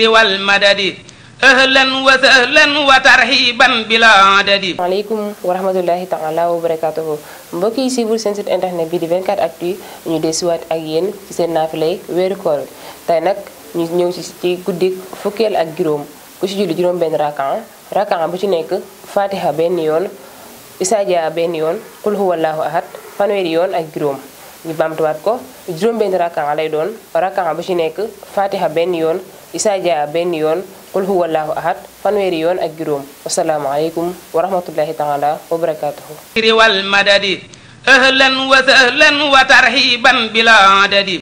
wal madadi ahlan wa sahlan wa tarhiban bila adadi aleykum wa rahmatullahi taala wa barakatuhu mbokk yi suivre seen site internet bi di 24 actu ñu desuwaat ak yéen ci seen naafilay weeru koor tey nag ñu ñëw ci ci guddi fukkeel ak juróom ku ci julli juróom benn rakan rakan bu ci nekk fatiha benn yoon isaaja benn yoon qul huwallahu fanweeri yoon ak juróom ñu bamtuwaat ko juróom benn rakan lay doon rakan bu ci nekk fatiha benn yoon isaa jaa benn yoon qul huwa allahu ahad fanweeri yoon ak juróom wasalaamualeykum wa rahmatullahi taala wa barakaatuhu riwal madadi ahlan wa sahlan wa tarhiban bila adadi